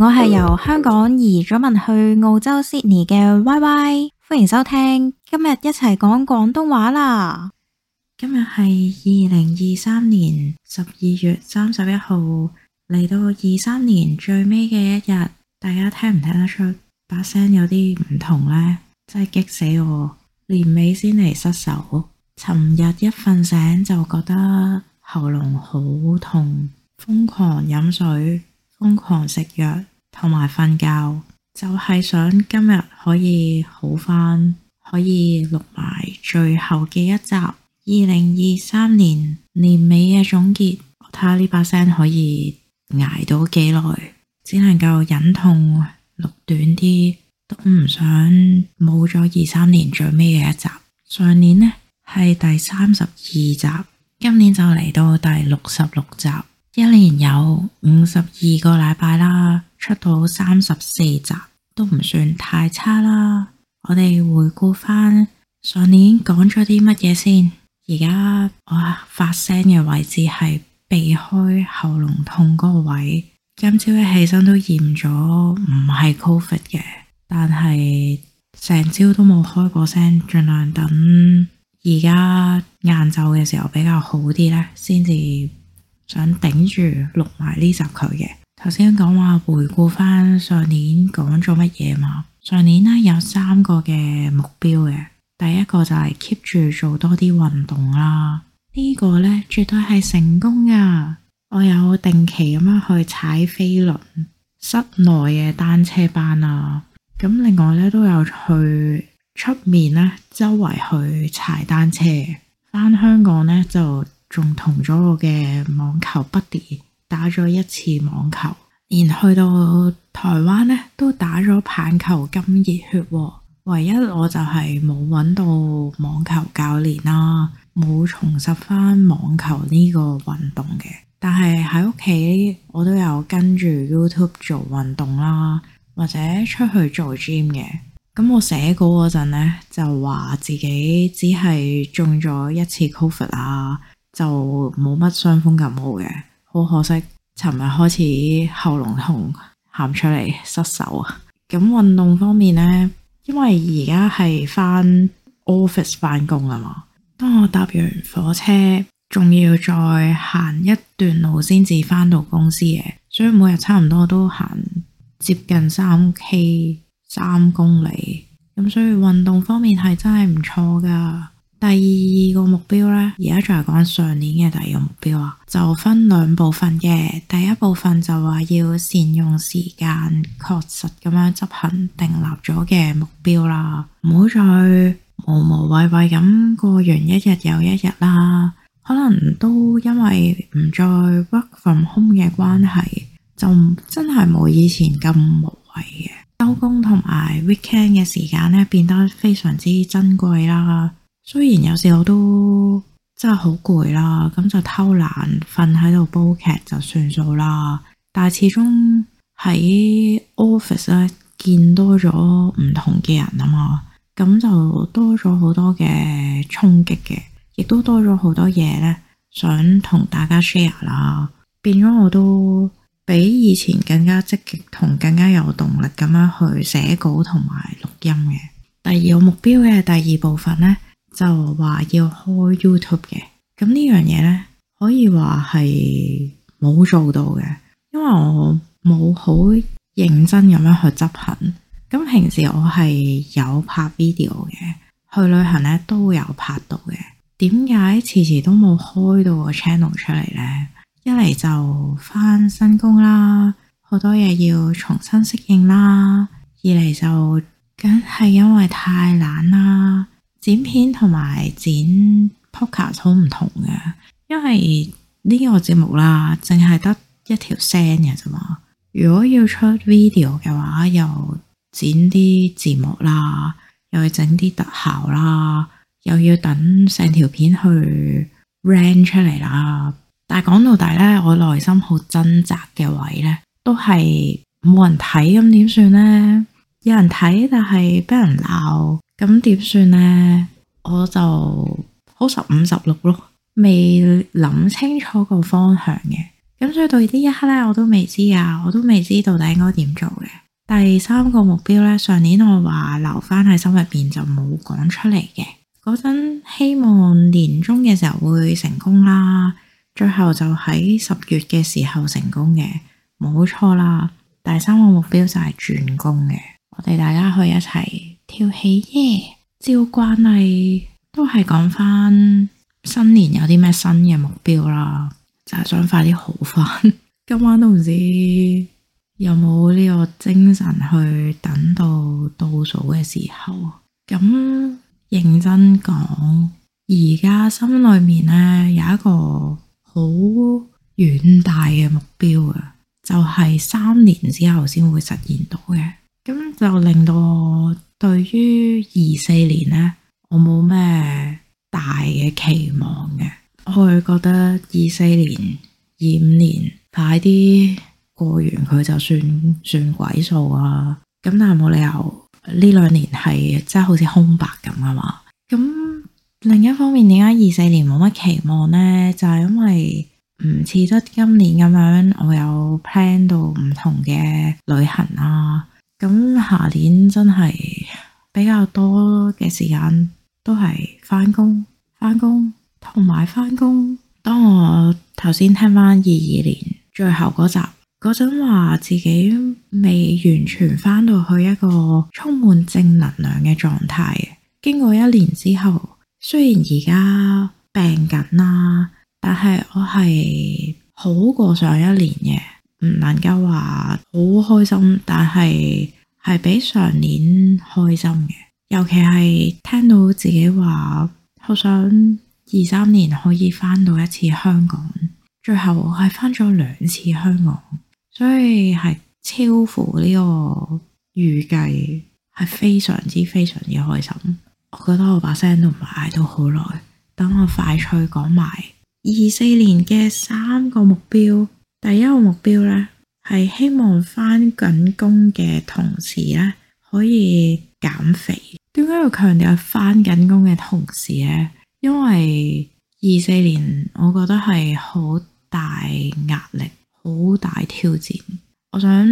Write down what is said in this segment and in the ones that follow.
我係由香港移咗民去澳洲悉尼嘅 Y Y，歡迎收聽，今日一齊講廣東話啦。今日係二零二三年十二月三十一號，嚟到二三年最尾嘅一日，大家聽唔聽得出把聲有啲唔同呢？真係激死我，年尾先嚟失守，尋日一瞓醒就覺得喉嚨好痛，瘋狂飲水。瘋狂食藥同埋瞓覺，就係想今日可以好翻，可以錄埋最後嘅一集。二零二三年年尾嘅總結，我睇下呢把聲可以挨到幾耐，只能夠忍痛錄短啲，都唔想冇咗二三年最尾嘅一集。上年呢係第三十二集，今年就嚟到第六十六集。一年有五十二個禮拜啦，出到三十四集都唔算太差啦。我哋回顧翻上年講咗啲乜嘢先。而家我發聲嘅位置係避開喉嚨痛嗰個位。今朝一起身都驗咗，唔係 Covid 嘅，但係成朝都冇開過聲，盡量等而家晏晝嘅時候比較好啲咧，先至。想頂住錄埋呢集佢嘅。頭先講話回顧翻上年講咗乜嘢嘛？上年呢，有三個嘅目標嘅。第一個就係 keep 住做多啲運動啦。呢個呢，絕對係成功噶。我有定期咁樣去踩飛輪、室內嘅單車班啊。咁另外呢，都有去出面咧周圍去踩單車。翻香港呢，就。仲同咗我嘅網球 buddy 打咗一次網球，連去到台灣呢，都打咗棒球咁熱血。唯一我就係冇揾到網球教練啦，冇重拾翻網球呢個運動嘅。但係喺屋企我都有跟住 YouTube 做運動啦，或者出去做 gym 嘅。咁我寫稿嗰陣咧，就話自己只係中咗一次 covid 啊。19，就冇乜傷風感冒嘅，好可惜。尋日開始喉嚨痛，喊出嚟，失守啊！咁 運動方面呢，因為而家係翻 office 翻工啊嘛。當我搭完火車，仲要再行一段路先至翻到公司嘅，所以每日差唔多都行接近三 K 三公里。咁所以運動方面係真係唔錯噶。第二個目標咧，而家就係講上年嘅第二個目標啊，就分兩部分嘅。第一部分就話要善用時間，確實咁樣執行定立咗嘅目標啦，唔好再無無謂謂咁過完一日又一日啦。可能都因為唔再 work from home 嘅關係，就真係冇以前咁無謂嘅。收工同埋 weekend 嘅時間咧，變得非常之珍貴啦。雖然有時我都真係好攰啦，咁就偷懶瞓喺度煲劇就算數啦。但係始終喺 office 咧見多咗唔同嘅人啊嘛，咁就多咗好多嘅衝擊嘅，亦都多咗好多嘢咧，想同大家 share 啦。變咗我都比以前更加積極，同更加有動力咁樣去寫稿同埋錄音嘅。第二個目標嘅第二部分呢，就話要開 YouTube 嘅，咁呢樣嘢呢，可以話係冇做到嘅，因為我冇好認真咁樣去執行。咁平時我係有拍 video 嘅，去旅行呢都有拍到嘅。點解遲遲都冇開到個 channel 出嚟呢？一嚟就返新工啦，好多嘢要重新適應啦；二嚟就梗係因為太懶啦。剪片剪同埋剪 podcast 好唔同嘅，因為呢個節目啦，淨係得一條聲嘅啫嘛。如果要出 video 嘅話，又剪啲字幕啦，又要整啲特效啦，又要等成條片去 ran 出嚟啦。但係講到底咧，我內心好掙扎嘅位咧，都係冇人睇咁點算咧？有人睇，但係俾人鬧。咁點算呢？我就好十五十六咯，15, 16, 未諗清楚個方向嘅。咁所以到呢一刻咧，我都未知啊，我都未知到底應該點做嘅。第三個目標咧，上年我話留翻喺心入邊就冇講出嚟嘅。嗰陣希望年中嘅時候會成功啦，最後就喺十月嘅時候成功嘅，冇錯啦。第三個目標就係轉工嘅，我哋大家去一齊。跳起耶！照慣例都係講翻新年有啲咩新嘅目標啦，就係想快啲好翻。 今晚都唔知有冇呢個精神去等到倒數嘅時候？咁認真講，而家心裏面呢，有一個好遠大嘅目標啊，就係三年之後先會實現到嘅。咁就令到我對於二四年呢，我冇咩大嘅期望嘅，我會覺得二四年、二五年快啲過完佢就算算鬼數啊！咁但係冇理由呢兩年係即係好似空白咁啊嘛！咁另一方面，點解二四年冇乜期望呢，就係、是、因為唔似得今年咁樣，我有 plan 到唔同嘅旅行啊。咁下年真係比較多嘅時間都係翻工，翻工同埋翻工。當我頭先聽翻二二年最後嗰集嗰陣話自己未完全翻到去一個充滿正能量嘅狀態嘅，經過一年之後，雖然而家病緊啦，但係我係好過上一年嘅。唔能夠話好開心，但係係比上年開心嘅，尤其係聽到自己話好想二三年可以翻到一次香港，最後我係翻咗兩次香港，所以係超乎呢個預計，係非常之非常之開心。我覺得我把聲都唔係嗌到好耐，等我快脆講埋二四年嘅三個目標。第一個目標呢，係希望翻緊工嘅同時呢，可以減肥。點解要強調翻緊工嘅同時呢？因為二四年我覺得係好大壓力，好大挑戰。我想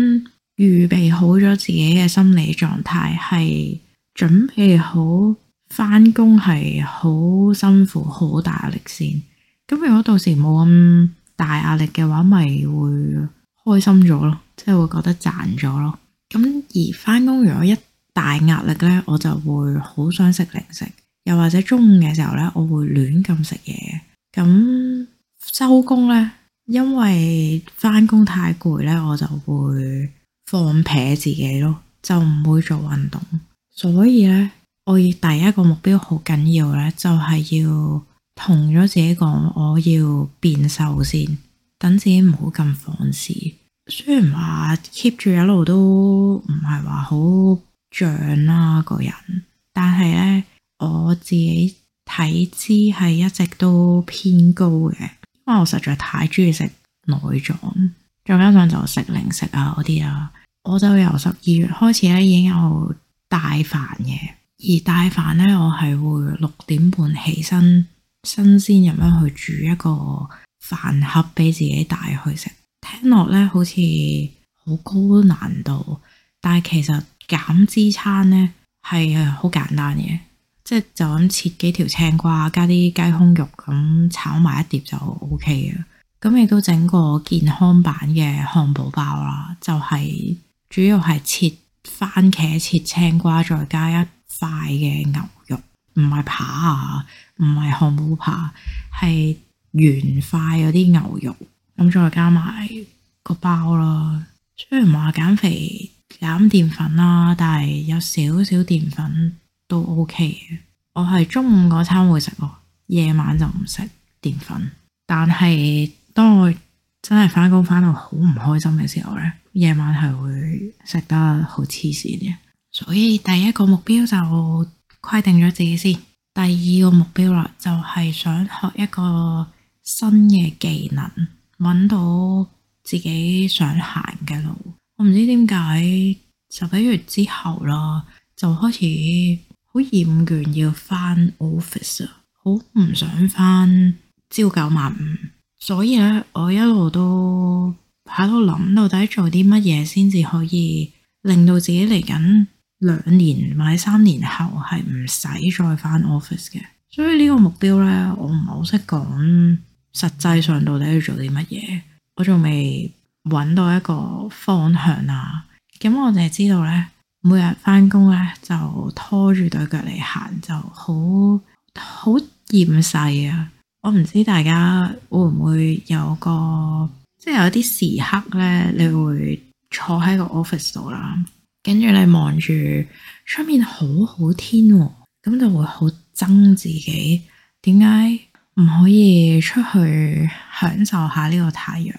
預備好咗自己嘅心理狀態，係準備好翻工係好辛苦，好大壓力先。咁如果到時冇咁，大壓力嘅話，咪會開心咗咯，即係會覺得賺咗咯。咁而翻工如果一大壓力呢，我就會好想食零食，又或者中午嘅時候呢，我會亂咁食嘢。咁收工呢，因為翻工太攰呢，我就會放撇自己咯，就唔會做運動。所以呢，我而第一個目標好緊要呢，就係要。同咗自己講，我要變瘦先，等自己唔好咁放肆。雖然話 keep 住一路都唔係話好脹啦個人，但係呢，我自己體脂係一直都偏高嘅，因為我實在太中意食內臟，再加上就食零食啊嗰啲啊，我就由十二月開始咧已經有帶飯嘅，而帶飯呢，我係會六點半起身。新鮮咁樣去煮一個飯盒俾自己帶去食，聽落呢好似好高難度，但係其實減脂餐呢係好簡單嘅，即係就咁、是、切幾條青瓜，加啲雞胸肉咁炒埋一碟就 O K 啊。咁亦都整過健康版嘅漢堡包啦，就係、是、主要係切番茄、切青瓜，再加一塊嘅牛肉。唔係扒啊，唔係漢堡扒，係原塊嗰啲牛肉，咁再加埋個包咯。雖然話減肥減澱粉啦，但係有少少澱粉都 O K 嘅。我係中午嗰餐會食咯，夜晚就唔食澱粉。但係當我真係返工返到好唔開心嘅時候呢，夜晚係會食得好黐線嘅。所以第一個目標就是。規定咗自己先，第二個目標啦，就係想學一個新嘅技能，揾到自己想行嘅路。我唔知點解，十一月之後啦，就開始好厭倦要翻 office 啊，好唔想翻朝九晚五。所以咧，我一路都喺度諗，到底做啲乜嘢先至可以令到自己嚟緊。兩年或者三年後係唔使再翻 office 嘅，所以呢個目標呢，我唔係好識講，實際上到底要做啲乜嘢，我仲未揾到一個方向啊。咁我淨係知道呢，每日翻工呢，就拖住對腳嚟行就好好厭世啊！我唔知大家會唔會有個，即係有啲時刻呢，你會坐喺個 office 度啦。跟住你望住出面好好天，啊，咁就會好憎自己。點解唔可以出去享受下呢個太陽？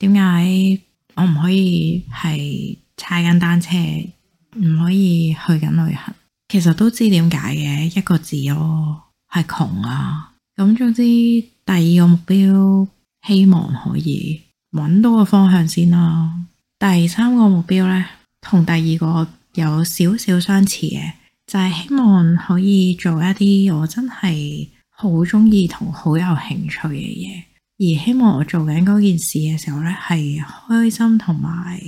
點解我唔可以係踩緊單車？唔可以去緊旅行？其實都知點解嘅，一個字咯，哦，係窮啊。咁總之，第二個目標希望可以揾到個方向先啦，啊。第三個目標呢？同第二個有少少相似嘅，就係希望可以做一啲我真係好中意同好有興趣嘅嘢，而希望我做緊嗰件事嘅時候呢，係開心同埋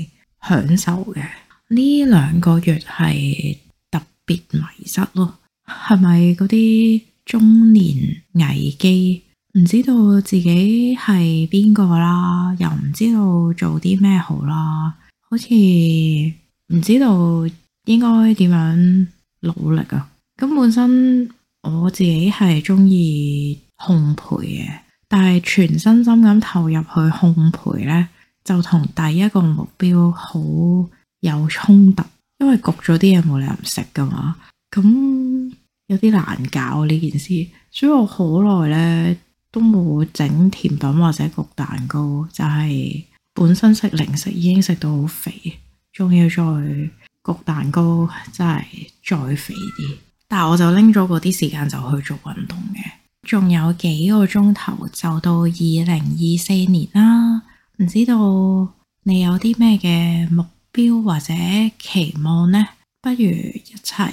享受嘅。呢兩個月係特別迷失咯，係咪嗰啲中年危機？唔知道自己係邊個啦，又唔知道做啲咩好啦，好似～唔知道應該點樣努力啊。咁本身我自己係中意烘焙嘅，但係全身心咁投入去烘焙呢，就同第一個目標好有衝突，因為焗咗啲嘢冇理由唔食噶嘛，咁有啲難搞呢件事，所以我好耐呢都冇整甜品或者焗蛋糕，就係、是、本身食零食已經食到好肥。仲要再焗蛋糕，真係再肥啲。但係我就拎咗嗰啲時間就去做運動嘅。仲有幾個鐘頭就到二零二四年啦，唔知道你有啲咩嘅目標或者期望呢？不如一齊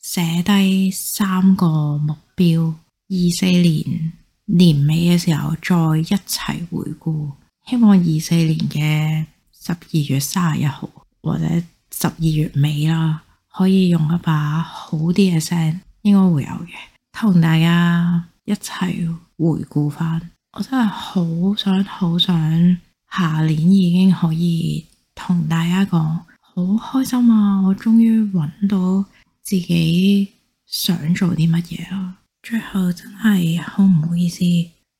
寫低三個目標，二四年年尾嘅時候再一齊回顧。希望二四年嘅十二月三十一號。或者十二月尾啦，可以用一把好啲嘅聲，應該會有嘅，同大家一齊回顧翻。我真係好想好想，下年已經可以同大家講，好開心啊！我終於揾到自己想做啲乜嘢啦。最後真係好唔好意思，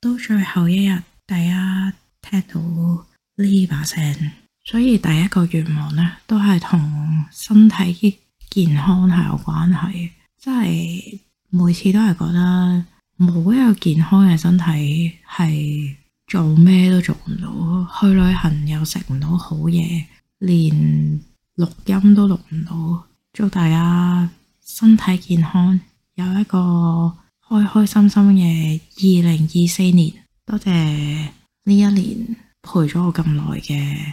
到最後一日，大家聽到呢把聲。所以第一個願望呢，都係同身體健康係有關係，即係每次都係覺得冇一個健康嘅身體，係做咩都做唔到，去旅行又食唔到好嘢，連錄音都錄唔到。祝大家身體健康，有一個開開心心嘅二零二四年。多謝呢一年陪咗我咁耐嘅。